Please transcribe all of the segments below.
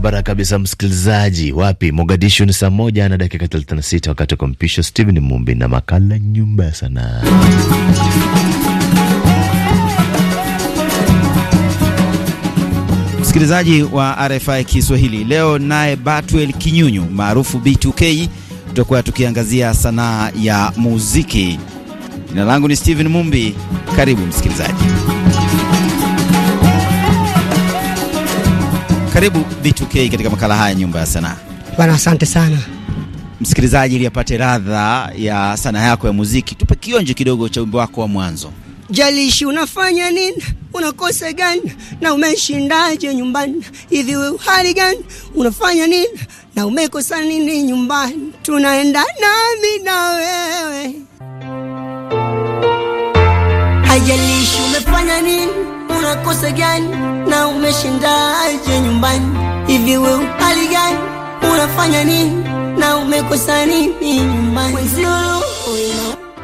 barabara kabisa, msikilizaji. Wapi? Mogadishu ni saa moja na dakika 36, wakati wa kumpisha Steven Mumbi na makala Nyumba ya Sanaa. Msikilizaji wa RFI Kiswahili, leo naye Batwel Kinyunyu maarufu B2K, tutakuwa tukiangazia sanaa ya muziki. Jina langu ni Steven Mumbi, karibu msikilizaji. Karibu V2K katika makala haya nyumba ya sanaa. Bwana, asante sana msikilizaji, ili apate radha ya sanaa yako ya muziki, tupe kionjo kidogo cha wimbo wako wa mwanzo. Jalishi unafanya nini, unakosa gani na umeshindaje nyumbani? Hivi wewe hali gani, unafanya nini na umekosa nini nyumbani? Tunaenda nami na wewe, hajalishi umefanya nini una kosa gani na umeshindaje nyumbani? Hivi we upali gani unafanya nini na umekosa nini nyumbani?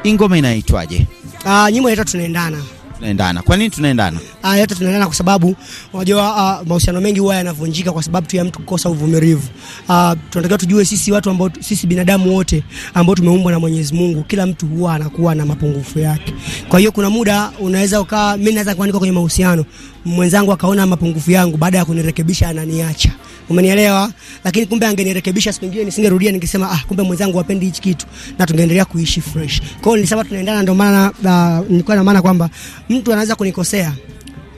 Ingoma inaitwaje? Ah, nyimbo inaitwa tunaendana. Tunaendana. Kwa nini tunaendana? Ah, yote tunaendana kwa sababu unajua uh, mahusiano mengi huwa yanavunjika kwa sababu tu ya mtu kukosa uvumilivu. Ah, uh, tunatakiwa tujue sisi watu ambao sisi binadamu wote ambao tumeumbwa na Mwenyezi Mungu, kila mtu huwa anakuwa na mapungufu yake. Kwa hiyo kuna muda unaweza ukaa, mimi naweza kuandika kwenye mahusiano, mwenzangu akaona mapungufu yangu, baada ya kunirekebisha ananiacha. Umenielewa? Lakini kumbe angenirekebisha siku nyingine nisingerudia, ningesema ah, kumbe mwenzangu wapendi hichi kitu na tungeendelea kuishi fresh. Kwa hiyo nilisema tunaendana, ndio maana uh, nilikuwa na maana kwamba mtu anaweza kunikosea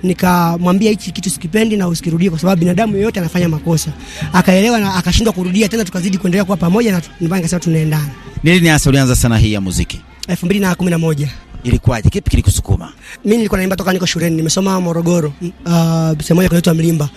nikamwambia hichi kitu sikipendi na usikirudie, kwa sababu binadamu yeyote anafanya makosa. Akaelewa na akashindwa kurudia tena, tukazidi kuendelea kuwa pamoja na nikasema tunaendana. Ni hasa ulianza sana hii ya muziki? elfu mbili na kumi na moja. Ilikuwaje? Kipi kilikusukuma? Mimi nilikuwa naimba toka niko shuleni, nimesoma Morogoro, uh, sehemu moja kunaitwa Mlimba.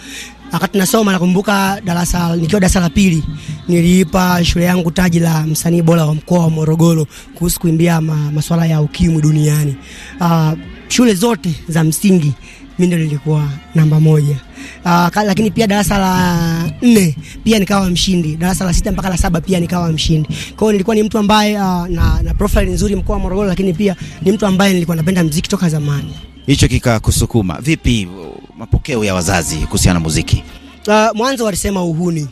Wakati nasoma nakumbuka darasa nikiwa darasa la pili niliipa shule yangu taji la msanii bora wa mkoa wa Morogoro kuhusu kuimbia ma, masuala ya ukimwi duniani. Uh, shule zote za msingi mimi ndio nilikuwa namba moja. Uh, lakini pia darasa la nne pia nikawa mshindi, darasa la sita mpaka la saba pia nikawa mshindi. Kwa hiyo nilikuwa ni mtu ambaye uh, na, na profile nzuri mkoa wa Morogoro, lakini pia ni mtu ambaye nilikuwa napenda muziki toka zamani. Hicho kikakusukuma vipi? Uh, mapokeo ya wazazi kuhusiana na muziki? Uh, mwanzo walisema uhuni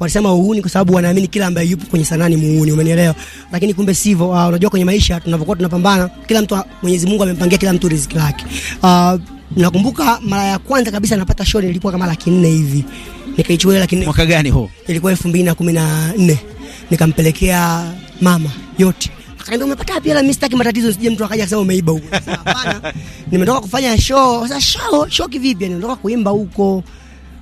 walisema uhuni kwa sababu wanaamini kila ambaye yupo kwenye sanaa ni muhuni, umenielewa? Lakini kumbe sivyo. Uh, ah, unajua kwenye maisha tunapokuwa tunapambana, kila mtu, Mwenyezi Mungu amempangia kila mtu riziki lake. Uh, nakumbuka mara ya kwanza kabisa napata show nilikuwa kama laki nne hivi, nikaichukua laki nne. Mwaka gani huo? Ilikuwa elfu mbili na kumi na nne nikampelekea mama yote akaambia umepata wapi hela? Mimi sitaki matatizo, sije mtu akaja akasema umeiba huko. Hapana, nimetoka kufanya show. Sasa show show kivipi? Nimetoka kuimba huko,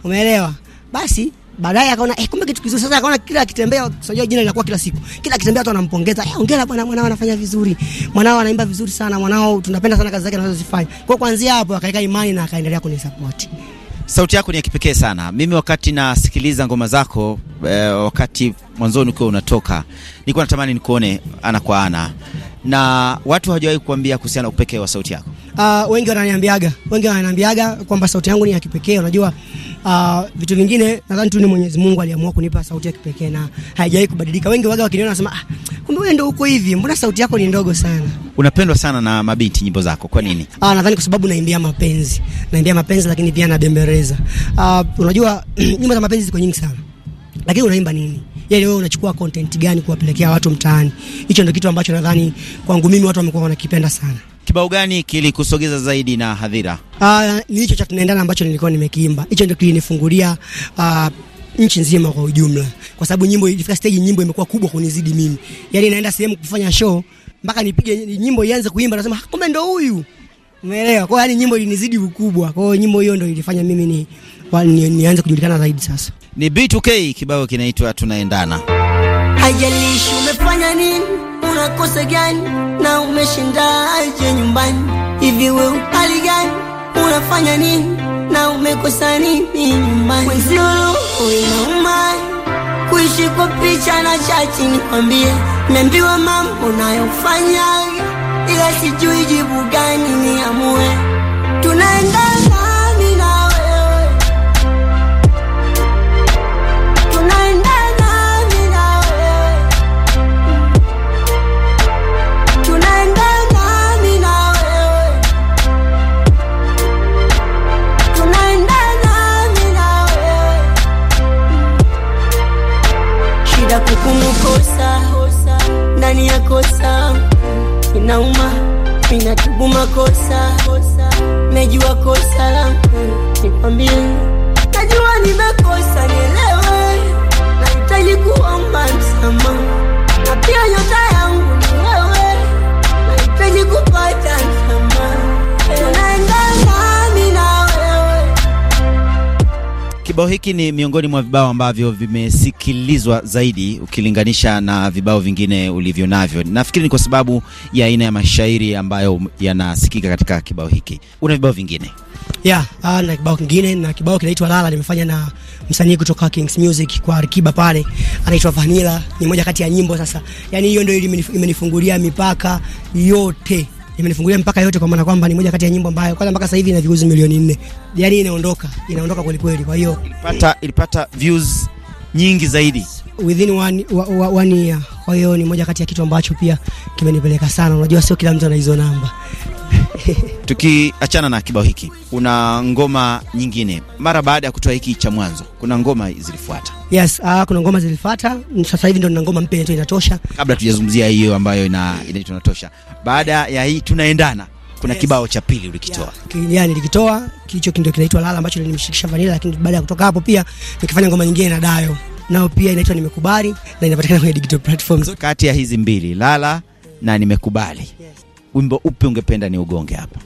umeelewa? Basi baadaye akaona eh, kumbe kitu kizuri. Sasa akaona kila akitembea, unajua jina linakuwa kila siku, kila akitembea watu wanampongeza, eh, hongera bwana, mwanao anafanya vizuri, mwanao anaimba vizuri sana, mwanao tunapenda sana kazi zake anazozifanya. Kwa kuanzia hapo akaweka imani na akaendelea kunisupport. Sauti yako ni ya kipekee sana. Mimi wakati nasikiliza ngoma zako eh, wakati mwanzoni ukiwa unatoka, nilikuwa natamani nikuone ana kwa ana na watu hawajawahi kuambia kuhusiana na upekee wa sauti yako? Uh, wengi wananiambiaga, wengi wananiambiaga kwamba sauti yangu ni ya kipekee. Unajua uh, vitu vingine nadhani tu ni Mwenyezi Mungu aliamua kunipa sauti ya kipekee na haijawahi kubadilika. Wengi waga wakiniona wanasema ah, kumbe wewe ndio uko hivi, mbona sauti yako ni ndogo sana? Unapendwa sana na mabinti nyimbo zako, kwa nini? Ah, uh, nadhani kwa sababu naimbia mapenzi, naimbia mapenzi lakini pia nabembeleza. Uh, ah, unajua nyimbo za mapenzi ziko nyingi sana, lakini unaimba nini? yani wewe unachukua content gani kuwapelekea watu mtaani. Hicho ndio kitu ambacho nadhani kwangu mimi watu wamekuwa wanakipenda sana. Kibao gani kilikusogeza zaidi na hadhira? Ah, ni hicho cha tunaendana ambacho nilikuwa nimekiimba. Hicho ndio kilinifungulia uh, nchi nzima kwa ujumla, kwa sababu nyimbo ilifika stage, nyimbo imekuwa kubwa kunizidi mimi, yani naenda sehemu kufanya show mpaka nipige nyimbo ianze kuimba, nasema ah, kumbe ndo huyu, umeelewa? Kwa hiyo yani nyimbo ilinizidi ukubwa, kwa hiyo nyimbo hiyo ndo ilifanya mimi ni nianze kujulikana zaidi sasa. Ni B2K kibao kinaitwa tunaendana. Haijalishi umefanya nini, unakosa gani na umeshindaje nyumbani, hivi we hali gani, unafanya nini na umekosa nini nyumbani, inauma kuishi kwa picha na chati, nikwambie, meambiwa mambo unayofanya ila sijui jibu gani niamue, tunaendana inauma, minatubu makosa, mejua kosa langu, nikwambie Kibao hiki ni miongoni mwa vibao ambavyo vimesikilizwa zaidi ukilinganisha na vibao vingine ulivyo navyo. Nafikiri ni kwa sababu ya aina ya mashairi ambayo yanasikika katika kibao hiki. Una vibao vingine? Yeah, na kibao kingine na kibao kinaitwa Lala nimefanya na msanii kutoka Kings Music kwa Arkiba pale, anaitwa Vanilla, ni moja kati ya nyimbo sasa. Yaani hiyo ndio imenifungulia mipaka yote imenifungulia mpaka yote, kwa maana kwamba ni moja kati ya nyimbo ambayo kwanza mpaka sasa hivi ina views milioni nne, yani inaondoka inaondoka kweli kweli. Kwa hiyo ilipata, ilipata views nyingi zaidi within one, one year. Kwa hiyo ni moja kati ya kitu ambacho pia kimenipeleka sana. Unajua sio kila mtu ana hizo namba Tukiachana na kibao hiki, kuna ngoma nyingine mara baada ya kutoa hiki cha mwanzo, kuna ngoma zilifuata. Yes, uh, kuna ngoma zilifuata. Sasa hivi ndo na ngoma mpya inaitwa Inatosha. Kabla tujazungumzia hiyo ambayo inaitwa Inatosha, baada ya hii tunaendana kuna yes, kibao cha pili ulikitoa. Yeah, nilikitoa kilicho kindo kinaitwa Lala ambacho nilimshirikisha Vanilla, lakini baada ya kutoka hapo pia nikifanya ngoma nyingine na Dayo, nao pia inaitwa Nimekubali na inapatikana kwenye digital platforms. Kati ya hizi mbili Lala na Nimekubali, yes wimbo upi ungependa ni ugonge hapa?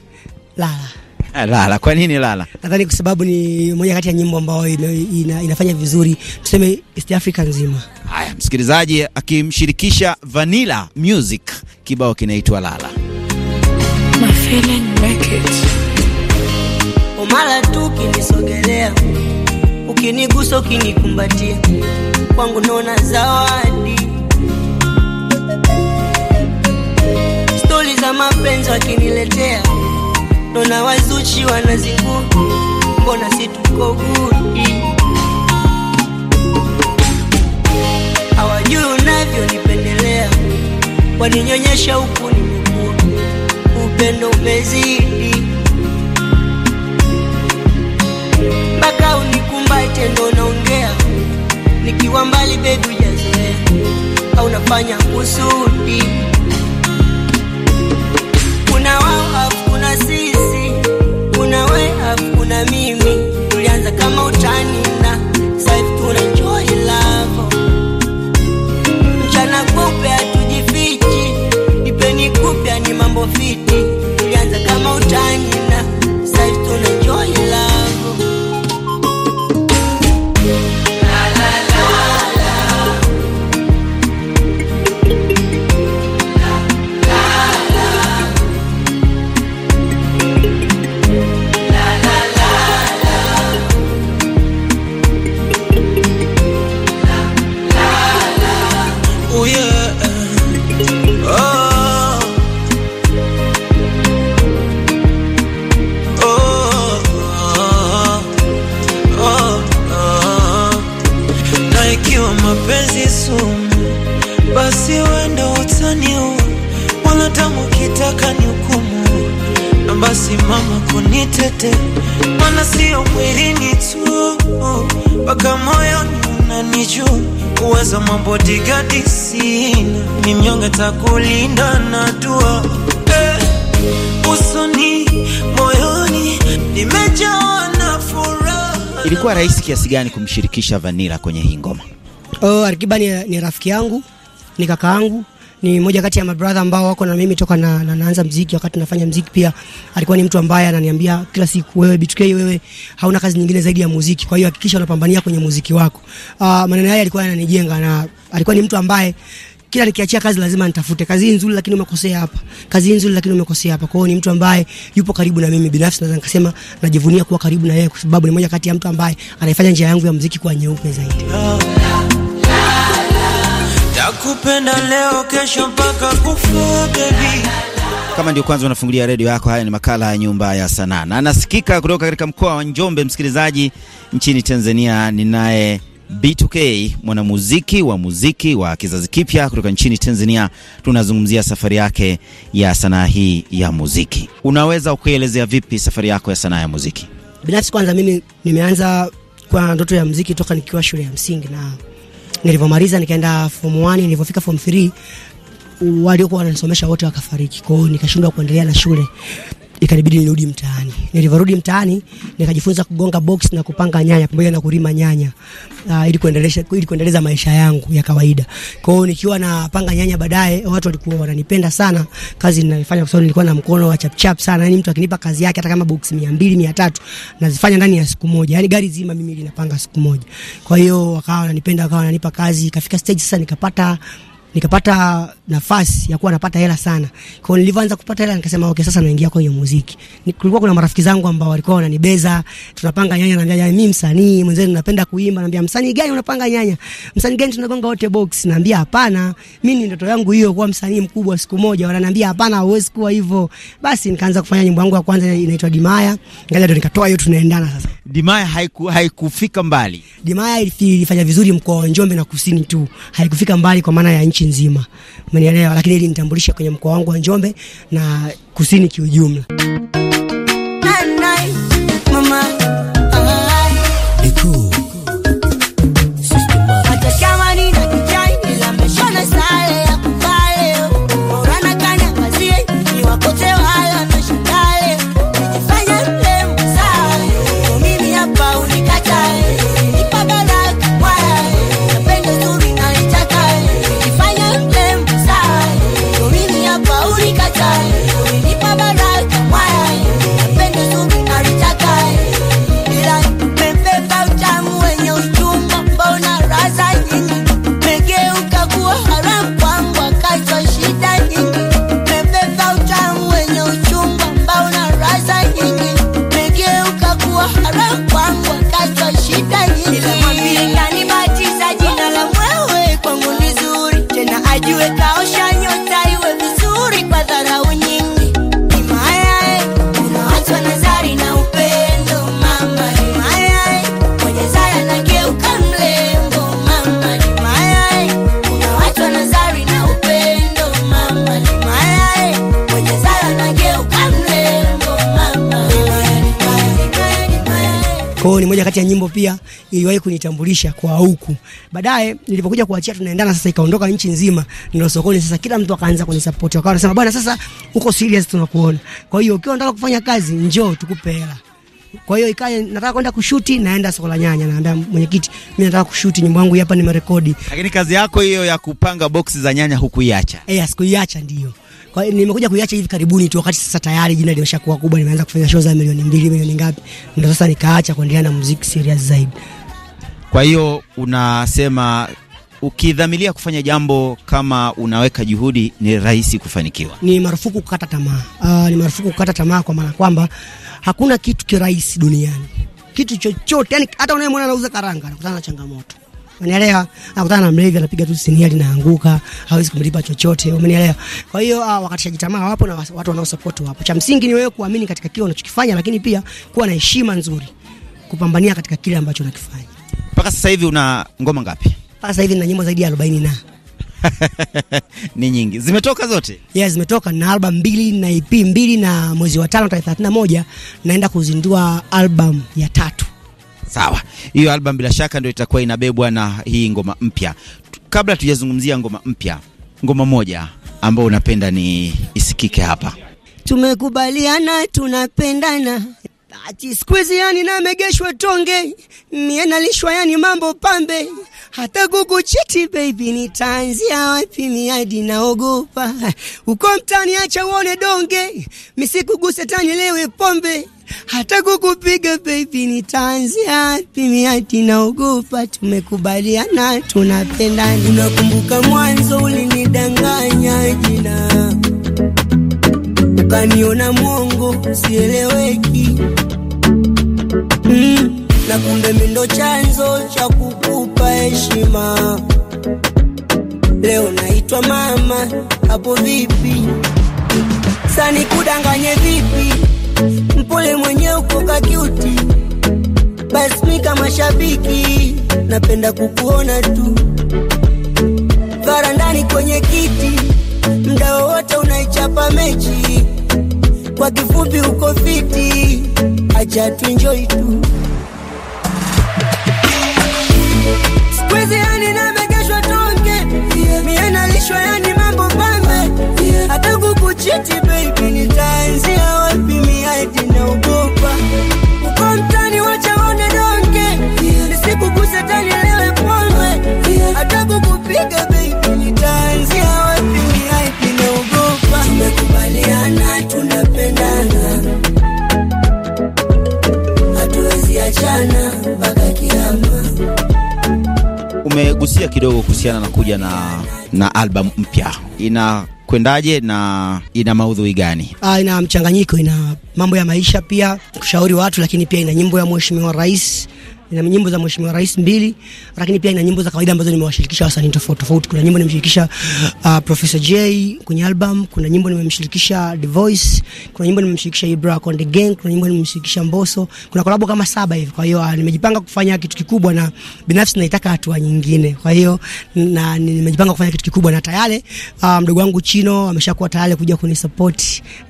Lala. Ah, lala. Kwa nini Lala? Nadhani kwa sababu ni moja kati ya nyimbo ambayo ina, ina, inafanya vizuri tuseme East Africa nzima. Haya, msikilizaji akimshirikisha Vanilla Music, kibao kinaitwa Lala. My feeling make it. Umala tu ukinisogelea, ukinigusa, ukinikumbatia, kwangu naona zawadi stori za mapenzi wakiniletea, nona wazuchi wanazinguru, mbona situko gudi? Hawajui unavyonipendelea, waninyonyesha huku ni mkuu, upendo umezidi mpaka unikumbate, ndo naongea nikiwa mbali, bebi, ujazoea au nafanya kusudi nitakulinda na dua eh, usoni moyoni nimejaa na furaha. Ilikuwa rahisi kiasi gani kumshirikisha Vanila kwenye hii ngoma? Oh, Alikiba ni, ni rafiki yangu, ni kaka yangu ni moja kati ya mabradha ambao wako na mimi toka na, na naanza mziki. Wakati nafanya mziki pia alikuwa ni mtu ambaye ananiambia kila siku, wewe BTK, wewe hauna kazi nyingine zaidi ya muziki, kwa hiyo hakikisha unapambania kwenye muziki wako. Uh, maneno haya alikuwa yananijenga na alikuwa ni mtu ambaye kila nikiachia kazi lazima nitafute kazi nzuri, lakini umekosea hapa, kazi nzuri, lakini umekosea hapa. Kwa hiyo ni mtu ambaye yupo karibu na mimi binafsi, naweza nikasema najivunia kuwa karibu na yeye, kwa sababu ni moja kati ya mtu ambaye anaifanya njia yangu ya muziki kuwa nyeupe zaidi. Takupenda leo, kesho mpaka kufa baby. Kama ndio kwanza unafungulia redio yako, haya ni makala ya Nyumba ya Sanaa na nasikika kutoka katika mkoa wa Njombe, msikilizaji nchini Tanzania. Ninaye B2K mwanamuziki wa muziki wa kizazi kipya kutoka nchini Tanzania. Tunazungumzia safari yake ya sanaa hii ya muziki. Unaweza ukuelezea vipi safari yako ya sanaa ya muziki? Binafsi kwanza, mimi nimeanza kwa ndoto ya muziki toka nikiwa shule ya msingi, na nilivyomaliza nikaenda form 1, nilivyofika form 3 waliokuwa wananisomesha wote wakafariki, kwa hiyo nikashindwa kuendelea na shule ikanibidi nirudi mtaani. Nilivyorudi mtaani nikajifunza kugonga box na kupanga nyanya pamoja na kulima nyanya uh, ili kuendeleza ili kuendeleza maisha yangu ya kawaida. Kwa hiyo nikiwa napanga nyanya baadaye, watu walikuwa wananipenda sana kazi ninayofanya, kwa sababu nilikuwa na mkono wa chap chap sana. Yani mtu akinipa kazi yake hata kama box 200 300 nazifanya ndani ya siku moja, yani gari zima mimi linapanga siku moja. Kwa hiyo wakawa wananipenda, wakawa wananipa kazi. Ikafika stage sasa nikapata nikapata nafasi ya kuwa napata hela sana. Kwa hiyo nilivyoanza kupata hela nikasema okay, sasa naingia kwa hiyo muziki. Kulikuwa kuna marafiki zangu ambao walikuwa wananibeza, tunapanga nyanya, naambia nyanya, mimi msanii mwenzenu, napenda kuimba. Naambia msanii gani unapanga nyanya? Msanii gani tunagonga wote box? Naambia hapana, mimi ndoto yangu hiyo kuwa msanii mkubwa siku moja. Wananiambia hapana, huwezi kuwa hivyo. Basi nikaanza kufanya nyimbo yangu ya kwanza inaitwa Dimaya, ngaja ndo nikatoa hiyo, tunaendana sasa. Dimaya haiku, haikufika mbali. Dimaya ilifanya vizuri mkoa wa Njombe na kusini tu, haikufika mbali kwa maana ya nchi nchi nzima, umenielewa. Lakini ili nitambulisha kwenye mkoa wangu wa Njombe na kusini kiujumla. moja kati ya nyimbo pia iliwahi kunitambulisha kwa huku. Baadaye nilipokuja kuachia tunaendana sasa, ikaondoka nchi nzima, ndio sokoni sasa, kila mtu akaanza kunisupport, wakawa wanasema bwana, sasa uko serious, tunakuona. Kwa hiyo ukiwa unataka kufanya kazi, njoo tukupe hela. Kwa hiyo ikae, nataka kwenda kushuti, naenda soko la nyanya, naenda mwenyekiti, mimi nataka kushuti nyimbo yangu hapa, nimerekodi. Lakini kazi yako hiyo ya kupanga boksi za nyanya hukuiacha? Eh, sikuiacha, ndio kwa hiyo nimekuja kuiacha hivi karibuni tu, wakati sasa tayari jina limeshakuwa kubwa, nimeanza kufanya show za milioni mbili, milioni ngapi, ndio sasa nikaacha kuendelea na muziki serious zaidi. Kwa hiyo unasema ukidhamilia kufanya jambo kama unaweka juhudi, ni rahisi kufanikiwa. Ni marufuku kukata tamaa. Uh, ni marufuku kukata tamaa, kwa maana kwamba hakuna kitu kirahisi duniani, kitu chochote. Yani hata unayemwona anauza karanga anakutana na changamoto Umenielewa? Anakutana na mlevi anapiga tu siniali na hawezi kumlipa chochote. Umenielewa? Kwa hiyo uh, ah, wakatishaji tamaa wapo na watu wanaosupport wapo. Cha msingi ni wewe kuamini katika kile unachokifanya, lakini pia kuwa na heshima nzuri, kupambania katika kile ambacho unakifanya. Mpaka sasa hivi una ngoma ngapi? Mpaka sasa hivi nina nyimbo zaidi ya 40 na ni nyingi zimetoka zote. Yes, zimetoka na album mbili na EP mbili, na mwezi wa tano tarehe 31 naenda kuzindua album ya tatu Sawa, hiyo album bila shaka ndio itakuwa inabebwa na hii ngoma mpya. Kabla tujazungumzia ngoma mpya, ngoma moja ambayo unapenda ni isikike hapa. Tumekubaliana tunapendana, ati siku hizi yani namegeshwa tonge, mie nalishwa yani mambo pambe hata gugu chiti baby, nitaanzia wapi? Miadi naogopa uko mtani, acha uone donge, misikuguse tani, lewe pombe hata kukupiga baby, nitaanzia wapi? Miadi naogopa, tumekubaliana tunapendana. Unakumbuka mwanzo ulinidanganya jina, ukaniona mwongo usieleweki na kumbe mindo chanzo cha kukupa heshima. Leo naitwa mama, hapo vipi? Sani kudanganye vipi? Mpole mwenye uko kakiuti, basi mi kama shabiki napenda kukuona tu varandani kwenye kiti, mda wowote unaichapa mechi. Kwa kifupi uko fiti, acha tuenjoi tu. Mwezi yani nabegeshwa tonge, mie nalishwa yani mambo pambe, hata kukuchiti baby nitaanzia wapi? uko mtani, wacha donge, nisikuguse tani lewe pombe, hata kukupiga baby nitaanzia wapi? Tumekubaliana tunapendana, hatuwezi achana mpaka kiama umegusia kidogo kuhusiana na kuja na, na albamu mpya ina kwendaje na ina maudhui gani? Ah, ina mchanganyiko, ina mambo ya maisha pia kushauri watu, lakini pia ina nyimbo ya Mheshimiwa Rais ina nyimbo za Mheshimiwa Rais mbili, lakini pia ina nyimbo za kawaida ambazo nimewashirikisha wasanii tofauti tofauti. Kuna nyimbo nimeshirikisha uh, Professor J kwenye album, kuna nyimbo nimemshirikisha The Voice, kuna nyimbo nimemshirikisha Ibra on the Gang, kuna nyimbo nimemshirikisha Mboso, kuna collab kama saba hivi. Kwa hiyo uh, nimejipanga kufanya kitu kikubwa, na binafsi naitaka hatua nyingine. Kwa hiyo na nimejipanga kufanya kitu kikubwa, na tayari uh, mdogo wangu Chino ameshakuwa tayari kuja kunisupport,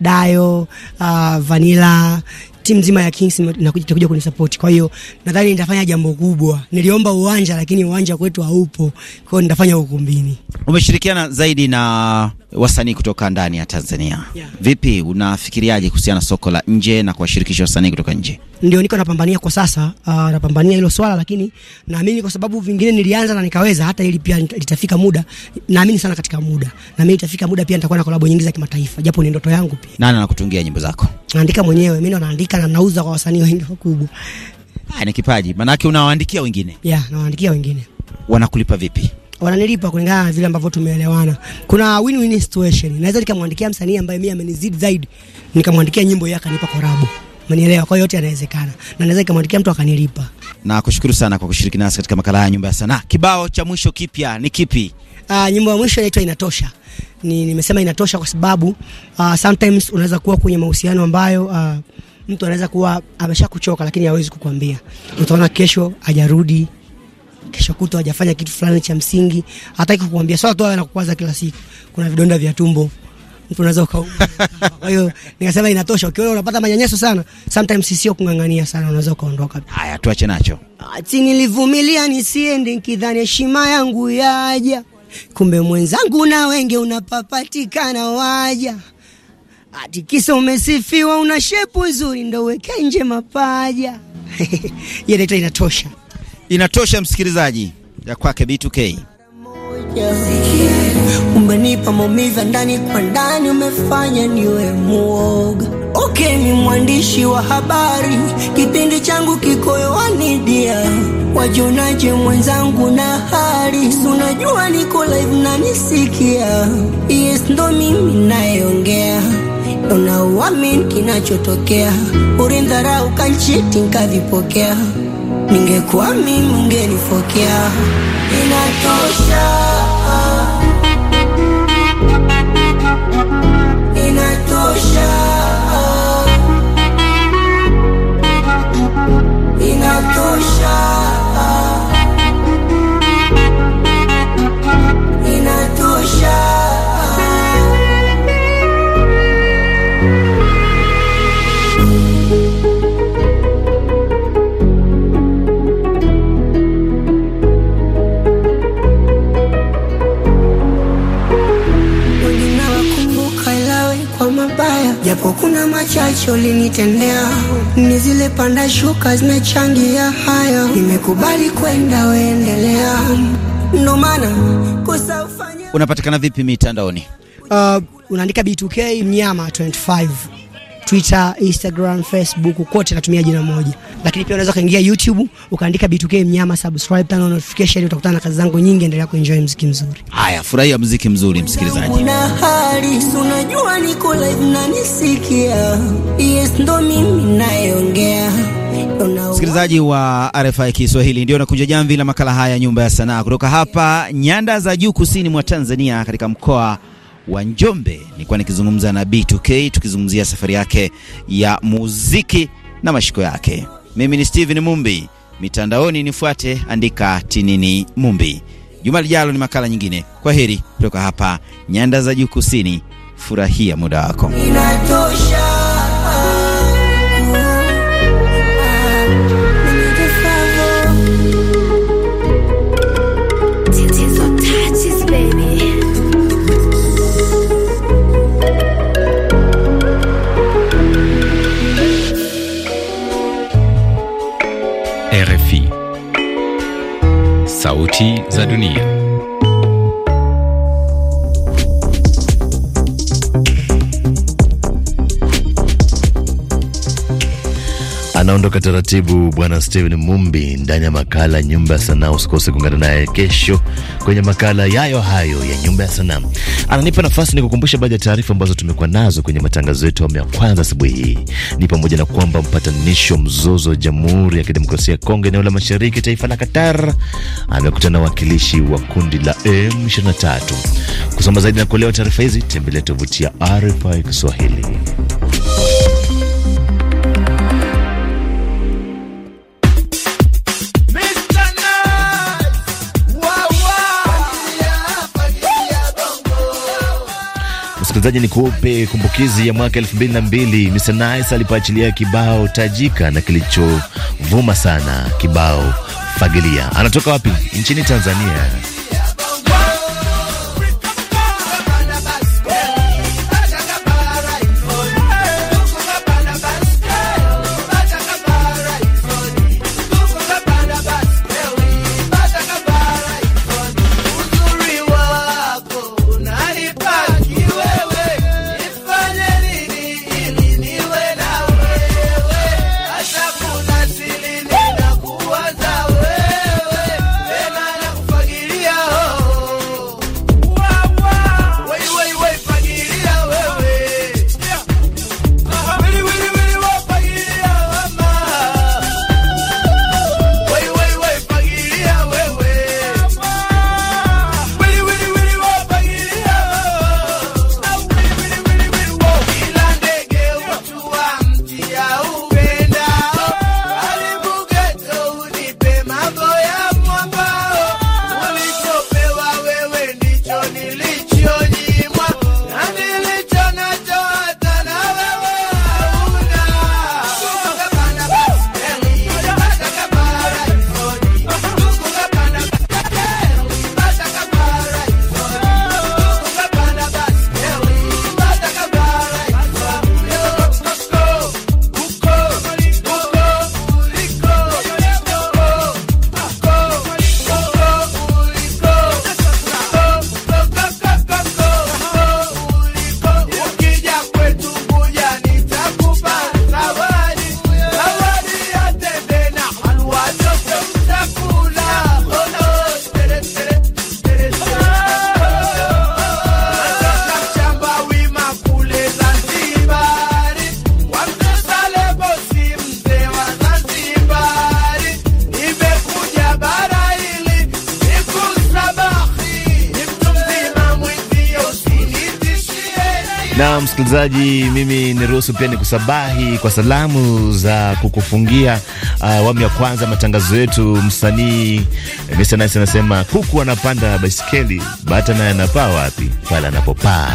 Dayo uh, Vanilla timu nzima ya Kings inakuja kunisupport. Kwa hiyo nadhani nitafanya jambo kubwa. Niliomba uwanja lakini uwanja kwetu haupo, kwa hiyo nitafanya ukumbini. Umeshirikiana zaidi na wasanii kutoka ndani ya Tanzania yeah. Vipi, unafikiriaje kuhusiana na soko la nje na kuwashirikisha wasanii kutoka nje? Ndio niko napambania kwa sasa, uh, napambania hilo swala, lakini naamini kwa sababu vingine nilianza na nikaweza, hata ili pia litafika muda, naamini sana katika muda, na mimi itafika muda pia nitakuwa na kolabo nyingi za kimataifa, japo ni ndoto yangu pia. Nani anakutungia nyimbo zako? Naandika mwenyewe mimi, ndo naandika na nauza kwa wasanii wengi wakubwa. Ah, ni kipaji, maana yake unawaandikia wengine? Yeah, nawaandikia wengine. Wanakulipa vipi? wananilipa kulingana na vile ambavyo tumeelewana. Kuna win win situation, naweza nikamwandikia msanii ambaye mimi amenizidi zaidi, nikamwandikia nyimbo yake akanipa korabo, mnielewa? Kwa hiyo yote yanawezekana, na naweza nikamwandikia mtu akanilipa. Na kushukuru sana kwa kushiriki nasi katika makala ya nyumba ya sanaa. Kibao cha mwisho kipya ni kipi? Uh, nyimbo ya mwisho inaitwa Inatosha. Ni, nimesema inatosha kwa sababu uh, sometimes unaweza kuwa kwenye mahusiano ambayo uh, mtu anaweza kuwa ameshakuchoka lakini hawezi kukwambia. Utaona kesho ajarudi kesho kutwa hajafanya kitu fulani cha msingi, hataki kukuambia swala tu, anakukwaza kila siku. Kuna vidonda vya tumbo mtu unaweza ukaumwa. Kwa hiyo nikasema inatosha, ukiona unapata manyanyaso sana, sometimes sio kung'ang'ania sana, unaweza ukaondoka. Haya, tuache nacho. Ati nilivumilia nisiende, nikidhani heshima yangu yaja, kumbe mwenzangu na wenge unapapatikana waja Ati kisa umesifiwa, una shepu nzuri, ndo weke nje mapaja. Yeye Ile inatosha. Inatosha msikilizaji, ya kwake B2K. Umenipa maumivu ndani kwa ndani, umefanya niwe muoga. Okay, ni mwandishi wa habari, kipindi changu kiko hewani dia, wajonaje mwenzangu na hali? Unajua niko live na nisikia, yes, ndo mimi nayeongea unauamini kinachotokea, Urindharau kanchiti nkavipokea ningekuwa mimi ungenifokea. Inatosha. linitendea ni zile panda shuka zimechangia haya, nimekubali kwenda, weendelea. Ndo maana kosa ufanya. Unapatikana vipi mitandaoni? Uh, unaandika B2K mnyama 25 Twitter, Instagram, Facebook, kote natumia jina moja. Lakini pia unaweza kaingia YouTube ukaandika B2K Mnyama, subscribe na notification, utakutana na kazi zangu nyingi. Endelea kuenjoy muziki mzuri. Haya, furahia muziki mzuri msikilizaji. Na hali unajua niko live na nisikia. Yes, ndo mimi naongea. Msikilizaji wa RFI Kiswahili, ndio nakunja jamvi la makala haya, nyumba ya sanaa, kutoka hapa nyanda za juu kusini mwa Tanzania, katika mkoa wa Njombe. Nilikuwa nikizungumza na B2K tukizungumzia safari yake ya muziki na mashiko yake. Mimi ni Steven Mumbi, mitandaoni nifuate, andika Tinini Mumbi. Juma lijalo ni makala nyingine. Kwa heri kutoka hapa nyanda za juu kusini. Furahia muda wako. Inatosha. Sauti za Dunia. Anaondoka taratibu Bwana Steven Mumbi ndani ya makala Nyumba ya Sanaa. Usikose kuungana naye kesho kwenye makala yayo hayo ya nyumba ya sanamu. Ananipa nafasi ni kukumbusha baadhi ya taarifa ambazo tumekuwa nazo kwenye matangazo yetu awamu ya kwanza asubuhi hii, ni pamoja na kwamba mpatanishi wa mzozo wa Jamhuri ya Kidemokrasia ya Kongo eneo la mashariki, taifa la Qatar, amekutana wakilishi wa kundi la M23. Kusoma zaidi na kuelewa taarifa hizi, tembelea tovuti ya RFI Kiswahili. Msikilizaji, ni kuupe kumbukizi ya mwaka elfu mbili na mbili Mr Nice alipoachilia kibao tajika na kilichovuma sana kibao fagilia. Anatoka wapi? Nchini Tanzania. Na msikilizaji, mimi niruhusu pia ni kusabahi kwa salamu za kukufungia uh, awamu uh, ya kwanza matangazo yetu. Msanii eh, Mr Nice anasema kuku anapanda baisikeli, bata naye anapaa wapi? Pale anapopaa.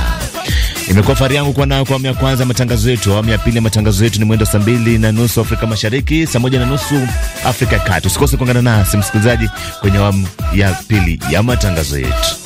Imekuwa fahari yangu kuwa nayo kwa awamu ya kwanza matangazo yetu. Awamu ya pili ya matangazo yetu ni mwendo saa mbili na nusu Afrika Mashariki, saa moja na nusu Afrika ya Kati. Usikose kuungana nasi msikilizaji, kwenye awamu ya pili ya matangazo yetu.